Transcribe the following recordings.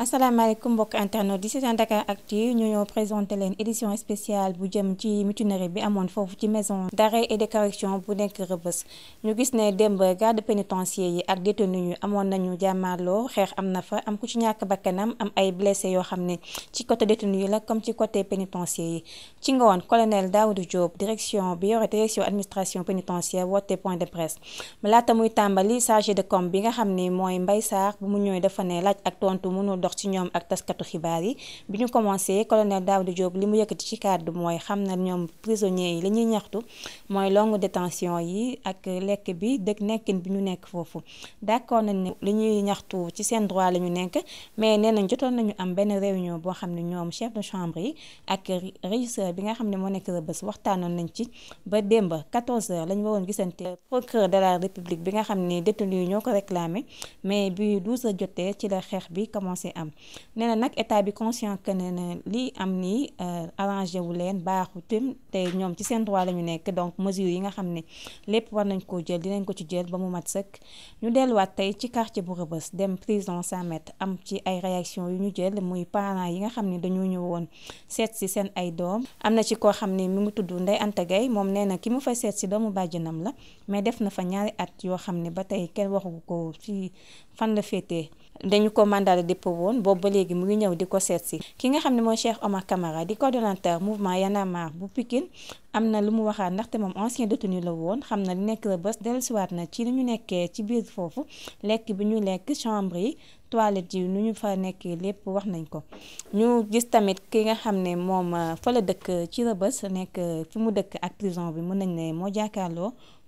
assalamu mbokk internet 17 ans Dakar Actu ñu ñoo présenter leen édition spéciale bu jëm ci mutinerie bi amone fofu ci maison d'arrêt et de correction bu nek rebeus ñu gis né démb garde pénitentiaire yi ak détenu ñu amone nañu jàmmaarloo xex am fa am ku ci ñak bakanam am ay blessé yo xamné ci côté détenu la comme ci côté pénitentiaire yi ci colonel Daoudou Diop direction bi direction administration pénitentiaire wote point de presse mala tamuy tambali chargé de com bi nga xamné moy mooy Mbaye Sarr bu mu ñëwee dafa né laaj ak tontu dox ci ñom ak taskatu xibaar yi bi commencé colonel Daouda Diop limu yëkëti ci cadre moy xamna ñom prisonniers yi li ñuy ñaxtu moy longue détention yi ak lek bi dekk nekkin biñu nekk fofu d'accord nañ ne li ñuy ñaxtu ci seen droit la ñu nekk mais nenañ nañ jotoon nañu am ben réunion bo xam ñom chef de chambre yi ak régisseur bi nga xam mo nekk rebeus waxtaanon nañ ci ba démb 14h lañ waroon gisante procureur de la république bi nga xam ne détenu yi ñoo mais bi 12h jotee ci la xex bi commencé am na nag état bi conscient que ne ne lii am nii euh, arrangé wu leen baaxu tim te ñoom ci seen droit la ñu nekk donc mesures yi nga xam ne lépp war nañ koo jël dinañ ko ci jël ba mu mat sëkk ñu delluwaat tey ci quartier bu Rëbës dem prison 100 mètres am ci ay réaction yu ñu jël muy parents yi nga xam ni dañoo ñëwoon seet si seen ay doom am na ci koo xam ne mu ngi tudd ndey Anta Gueye moom nee na ki mu fa seet si doomu bàjjanam la mais def na fa ñaari at yoo xam ne ba tey kenn waxu ko ci fan la féetee dañu ko mandat de dépôt woon boobu ba léegi mu ngi ñëw di ko seet si ki nga xam ne mooy Cheikh Omar Camara di coordonnateur mouvement Y en bu Pikine am na lu mu waxaat ndaxte moom ancien détenu la woon xam na li nekk la bés dellusiwaat na ci li ñu nekkee ci biir foofu lekk bi ñu lekk chambre yi toilette yi nu ñu fa nekkee lépp wax nañ ko ñu gis tamit ki nga xam ne moom fa la dëkk ci Rebeuss nekk fi mu dëkk ak prison bi mën nañ ne moo jàkkaarloo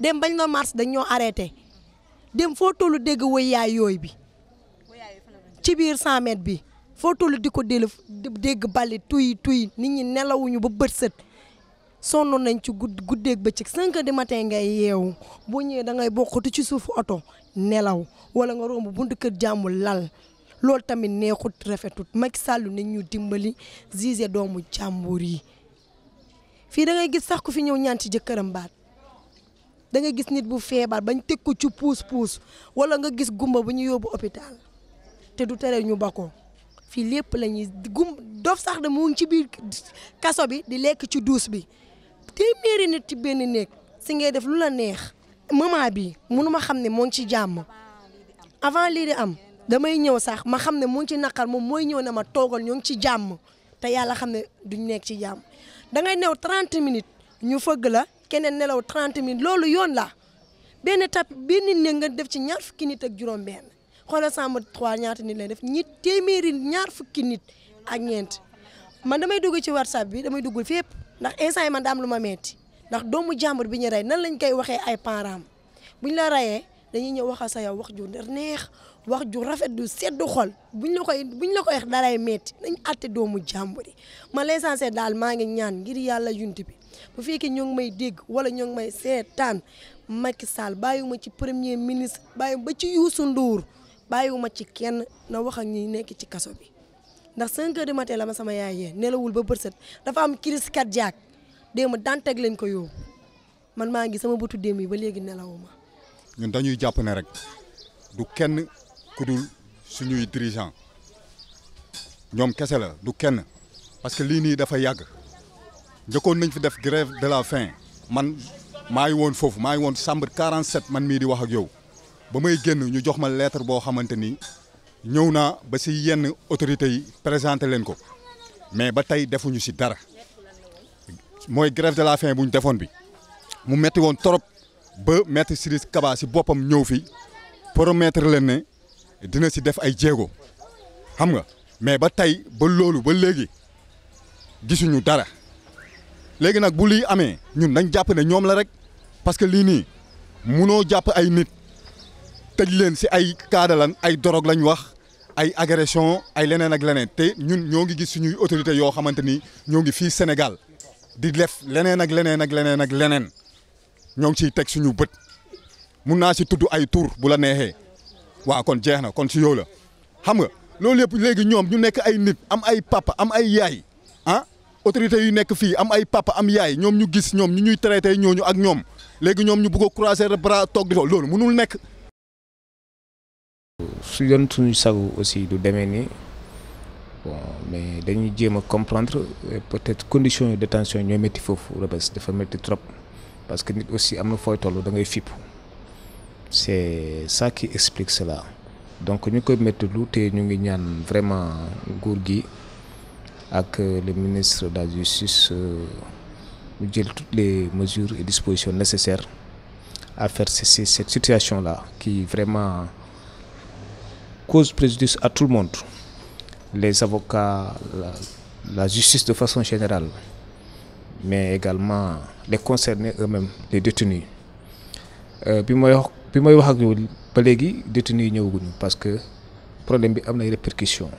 dem bañ na mars dañ ñoo arrêté dem foo tollu dégg woy yaay yooyu bi ci biir 100 bi foo tollu di ko dégg bali tuy tuy nit ñi nelawuñu ba bët sët sonnoon nañ ci gudd guddeeg bëccëg 5 heures du ngay yeewu boo ñëwee da ngay bokkatu ci suufu oto nelaw wala nga romb buntu kër jàmmu lal loolu tamit neexut rafetut mag sàllu nit ñu dimbali jugé doomu jàmbur yi fii da ngay gis sax ku fi ñëw ñaan ci jëkkëram baat. da nga gis nit bu feebar bañ teg ko ci puus puus wala nga gis gumba bu ñu yóbbu hôpital te du tere ñu bakoo fii lépp la ñuy gum dof sax de mu ngi ci biir kaso bi di lekk ci duus bi téeméeri nit ci benn néeg si ngay def lu la neex moment bi mënuma xam ne moo ngi ci jàmm avant lii di am damay ñëw sax ma xam ne mu ngi ci naqar moom mooy ñëw na ma toogal ñoo ngi ci jàmm te yàlla xam ne duñ nekk ci jàmm dangay new 30 minutes ñu fëgg la keneen nelaw trente minutes loolu yoon la benn tap benn néeg nga def ci ñaar fukki nit ak juróom-benn xoolal sàmm trois ñaata nit lay def ñi téeméeri ñaar fukki nit ak ñeent man damay dugg ci whatsapp bi damay dugg fépp ndax instant yi man daam lu ma metti ndax doomu jàmbur bi ñu rey nan lañ koy waxee ay parents ñu la rayee dañuy ñëw wax sa yow wax ju neex wax ju rafet du sedd xol buñ la koy buñ la koy wax dalay metti nañ atte doomu jàmbur yi man l'essentiel daal maa ngi ñaan ngir yàlla yunt bi bu fekkee ñoo ngi may dégg wala ñoo ngi may seetaan Macky Sall bàyyiwuma ci premier ministre bàyyiwuma ba ci Youssou Ndour bàyyiwuma ci kenn na wax ak ñi nekk ci kaso bi ndax 5 heures du la ma sama yaay yee nelawul ba bërset dafa am crise cardiaque démb danteeg lañ ko yóbbu man maa ngi sama bëtu démb yi ba léegi nelawuma. ñun dañuy jàpp ne rek du kenn ku dul suñuy dirigeant ñoom kese la du kenn parce que lii nii dafa yàgg. njëkkoon nañ fi def grève de la fin man maa ngi woon foofu maa ngi woon chambre 47 man mii di wax ak yow ba may génn ñu jox ma lettre boo xamante ni ñëw naa ba si yenn autorités yi présenté leen ko mais ba tey defuñu si dara mooy grève de la fin bu defoon bi mu metti woon trop ba maître Sidiki Kaba si boppam ñëw fi promettre leen ne dina si def ay jéego xam nga mais ba tey ba loolu ba léegi gisuñu dara. léegi nag bu lii amee ñun dañ jàpp ne ñoom la rek parce que lii nii munoo jàpp ay nit tëj leen si ay kaadalan ay dorog lañ wax ay agression ay leneen ak leneen te ñun ñoo ngi gis ñuy autorité yoo xamante ni ñoo ngi fii Sénégal di lef leneen ak leneen ak leneen ak leneen ñoo ngi ciy teg suñu bët mun naa si tudd ay tur bu la neexee waa kon jeex na kon si yow la xam nga loolu yëpp léegi ñoom ñu nekk ay nit am ay papa am ay yaay autorités yu nek fi am ay papa am yaay ñom ñu gis ñom ñuy traité ñoñu ak ñu croiser bras mënul su aussi du bon mais dañuy comprendre peut-être conditions de détention ñoy metti fofu dafa parce que nit aussi amna foy c'est ça qui explique cela donc ñu ko mettre lu té ñu ngi ñaan vraiment que le ministre de la Justice euh, mu toutes les mesures et dispositions nécessaires à faire cesser cette situation-là qui vraiment cause préjudice à tout le monde les avocats la, justice de façon générale mais également les concernés eux-mêmes les détenus Puis moi, je bi may détenus parce que problème a des répercussions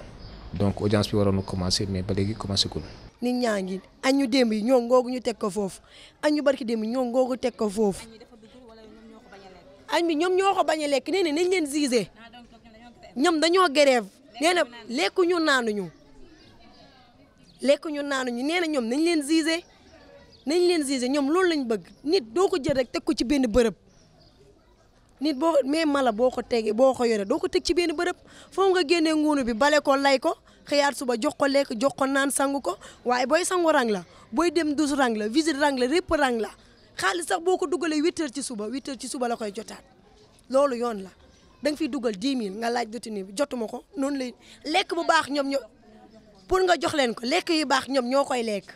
donc audience bi waroon na commencé mais ba léegi commencé gul. nit ñaa ngi añu démb yi ñoo ngoogu ñu teg ko foofu añu barki démb ñoo ngoogu teg ko foofu añ bi ñoom ñoo ko bañ lekk nee na nañ leen zisee ñoom dañoo grève nee na lekku ñu naanuñu lekku ñu naanuñu nee na ñoom nañ leen zisee nañ leen zisee ñoom loolu lañ bëgg nit doo ko jël rek teg ko ci benn bërëb. nit boo mais mala boo ko tegee boo ko yore doo ko teg ci benn bërëb foofu nga génnee nguunu bi bale ko lay ko xëyaat suba jox ko lekk jox ko naan sangu ko waaye booy sangu rang la booy dem dus rang la visite rang la répp rang la xaalis sax boo ko dugalee huit heures ci suba huit heures ci suba la koy jotaat loolu yoon la da nga fiy dugal dix mille nga laaj ni bi jotuma ko noonu lay lekk bu baax ñoom ñoo pour nga jox leen ko lekk yi baax ñoom ñoo koy lekk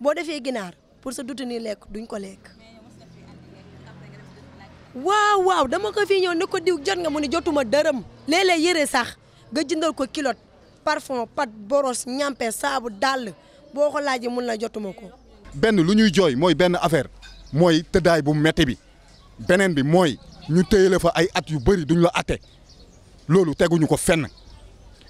boo defee ginaar pour sa détenu lekk duñ ko lekk waaw waaw dama ko fii ñëw ne ko diw jot nga mu ne jotuma dërëm léeg yére sax nga jëndal ko kilot parfum pat boros ñampe saabu dàll boo ko laajee mun la jotuma ko. benn lu ñuy jooy mooy benn affaire mooy tëddaay bu metti bi beneen bi mooy ñu téye fa ay at yu bëri duñ la atte loolu teguñu ko fenn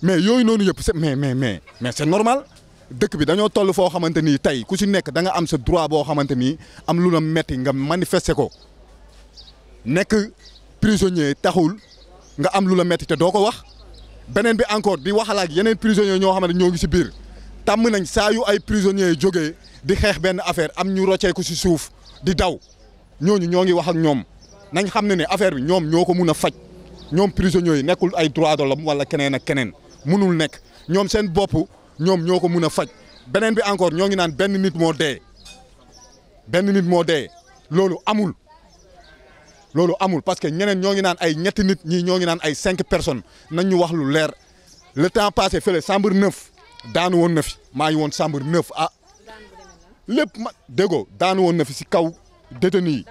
mais yooyu noonu yëpp se mais mais mais mais c'est normal dëkk bi dañoo toll foo xamante ni tey ku si nekk da nga am sa droit boo xamante ni am lu la metti nga manifester ko. nekk prisonnier taxul nga am lu la metti te doo ko wax beneen bi encore di waxalaak yeneen prisonniers ñoo xam ne ñoo ngi si biir tàmm nañ saa ay ay prisonniers jógee di xeex benn affaire am ñu rocceeku si suuf di daw ñooñu ñoo ngi wax ak ñoom nañ xam ne ni affaire bi ñoom ñoo ko mun a faj ñoom prisonniers yi nekkul ay droit de l'homme wala keneen ak keneen munul nekk ñoom seen bopp ñoom ñoo ko mun a faj beneen bi encore ñoo ngi naan benn nit moo dee benn nit moo dee loolu amul. loolu amul parce que ñeneen ñoo ngi naan ay ñetti nit ñii ñoo ngi naan ay cinq personnes nañ ñu wax lu leer le temps passé fële chambre neuf daanu woon na fi maa ngi woon chambre neuf ah lépp ma déggoo daanu woon na fi si kaw détenu yi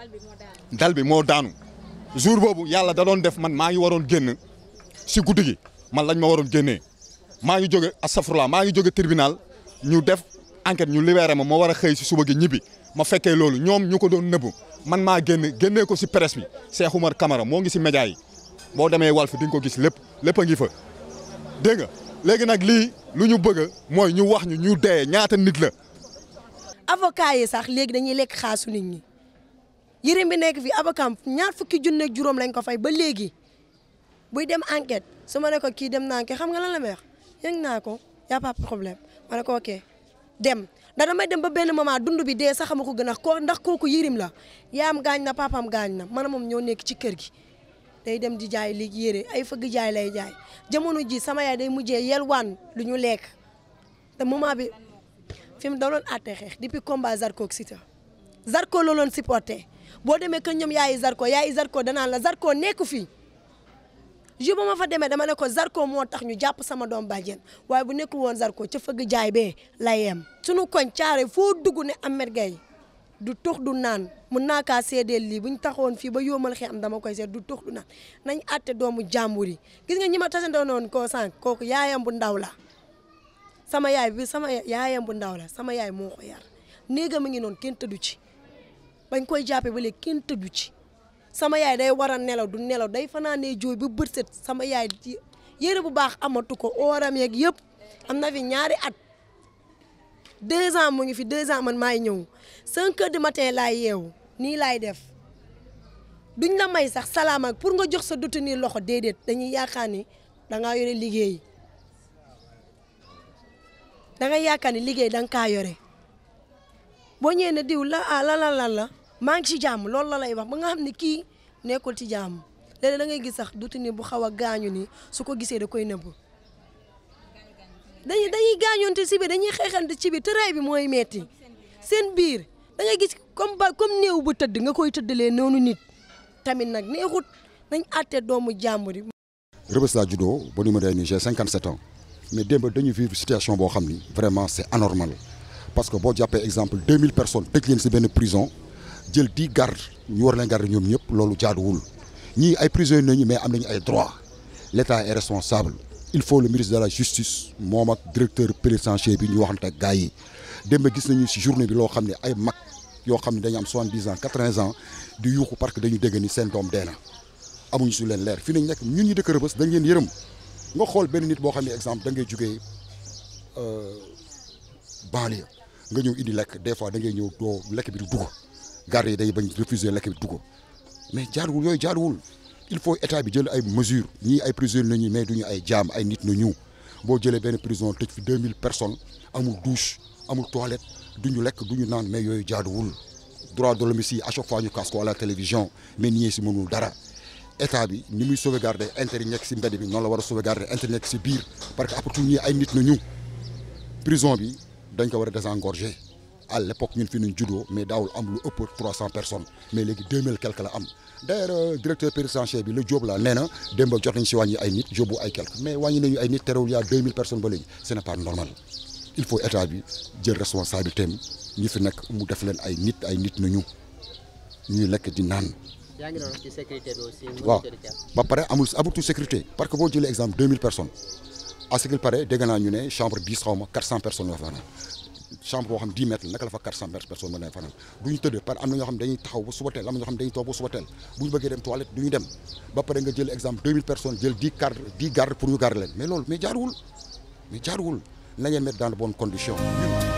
dal bi moo daanu jour boobu yàlla da doon def man maa ngi waroon génn si guddi gi man lañ ma waroon génnee maa ngi jóge astafurlah maa ngi jóge tribunal ñu def enquête ñu libéré ma ma war a xëy si suba gi ñibbi ma fekkee loolu ñoom ñu ko doon nëbbu man maa génn génnee ko si presse mi Cheikh Oumar Camara moo ngi si média boo demee Walf di nga ko gis lépp lépp a ngi fa dégg léegi nag lii lu ñu bëgg mooy ñu wax ñu ñu dee ñaata nit la. avocat yi sax léegi dañuy lekk xaasu ni ñi yërëm bi nekk fi avocat ñaar fukki junne juróom lañ ko fay ba léegi buy dem enquête su ma ne ko kii dem naa enquête xam nga lan la may wax yëg naa ko y' a ne ko dem da damay dem ba benn moment dund bi dee sax ma ko gën a ko ndax kooku yirim la yaam gaañ na papam gaañ na man moom ñoo nekk ci kër gi day dem di jaay li yére ay fëgg jaay lay jaay jamono ji sama yaay day mujjee yelwaan lu ñu lekk te moment bi fi mu daloon àtte xeex depuis combat Zarko ak Siteu Zarko looloon supporté boo demee que ñoom yaayi Zarko yaayi Zarko danaan la Zarko nekku fii ju ba ma fa demee dama ne ko Zarko moo tax ñu jàpp sama doom bàjjen waaye bu nekk woon Zarko ca fëgg jaay bee la yem sunu koñ caare foo dugg ne Ahmed du tux du naan mun naa kaa seedeel lii bu ñu taxawoon fii ba yóomal xi am dama koy seet du tux du nañ àtte doomu jàmbur yi gis nga ñi ma noon ko sànq kooku yaayam bu ndaw la sama yaay bi sama yaayam bu ndaw la sama yaay moo ko yar néega mi ngi noonu kenn tëddu ci bañ koy jàppee ba léegi kenn tëddu ci sama yaay day war a nelaw du nelaw day fanaanee jooy ba bët sama yaay ci yére bu baax amatu ko ooram yeeg yëpp am na fi ñaari at deux ans mu ngi fi deux ans man maay ñëw cinq heures du matin laay yeewu nii laay def duñ la may sax salaam ak pour nga jox sa dutu nii loxo déedéet dañuy yaakaar ni da ngaa yore liggéey da yaakaar ni liggéey da kaa yore boo ñëwee ne diw la ah lan la la. mang ci jàmm loolu lay wax ba nga xam ne kii nekkul ci jàmm léeg-léeg da ngay gis sax dutu ni bu xaw a gaañu ni su ko gisee da koy nëbb dañuy dañuy gaañoonte ci bi dañuy xeexante ci bi tëraay bi mooy metti seen biir da ngay gis comme ba comme néew bu tëdd nga koy tëddalee noonu nit tamit nag neexut nañ àtte doomu jàmbur yi. Rebeuss laa juddoo ba ni ma dee nii j'ai 57 ans mais démb dañu vivre situation boo xam ni vraiment c'est anormal parce que boo jàppee exemple 2000 personnes tëj leen ci benn prison jël di garde ñu war leen garde ñoom ñëpp loolu jaaduwul ñi ay prisonniers nañu mais am nañu ay droits l'État est responsable il faut le ministre de la justice moom ak directeur pénitentiaire bi ñu waxante gaay yi dembe gis nañu ci journée bi lo xamné ay mag yo xamné dañu am 70 ans 80 ans di yuxu parce que dañu dégg ni sen doom déna na amuñu su leen leer fi ñu nekk ñun ñi dëkk rebeus dañ leen yërem nga xol benn nit bo xamné ne exemple da ngay euh banlieue nga ñëw indi lekk des fois da ngay ñëw do lekk bi du dugg garde day bañ refuser l'équipe bi du ko mais jaaruwul yooyu jaaruwul il faut état bi jël ay mesures ñii ay prison nañu mais duñu ay jaam ay nit na ñu bo jëlé ben prison tëj fi 2000 personnes amul douche amul toilette duñu lek duñu nan mais yooyu jaaduwul droit de l'homme si à chaque fois ñu kaas ko à la télévision mais ñii ci mënul dara état bi ni muy sauvegarder intérêt ñek ci mbéd bi non la wara sauvegarder intérêt nekk si biir parce que après tout ñii ay nit na ñu prison bi dañ ko wara désengorger à l'époque ñun fi ñu judo, mais daawul am lu ëpp 300 personnes mais légui 2000 quelque la am d'ailleurs euh, directeur pénitentiaire bi le job la néna na démb jot nañ si ay nit jobu ay quelque mais wañi nañu ay nit il y a 2000 personnes ba légui ce n'est pas normal il faut état bi jël responsabilité am ñi fi nekk mu def leen ay nit ay nit nañu ñuy lek di nan yaa ngi doon ci ba paré amul abutu sécurité parce que bo jël exemple 2000 personnes à ce qu'il paraît dégg ñu né chambre 10 400 personnes la fa chambre boo xam 10 mètres la naka la fa 400 personne mën a fanaan du ñu tëdd par am na ñoo xam dañuy taxaw ba suba am na ñoo xam dañuy toog ba suba teel bu ñu bëggee dem toilette du ñu dem ba pare nga jël exemple 2000 personnes jël 10 garde 10 garde pour ñu garder leen mais loolu mais jaaruwul mais jaaruwul nañu mettre dans de bonnes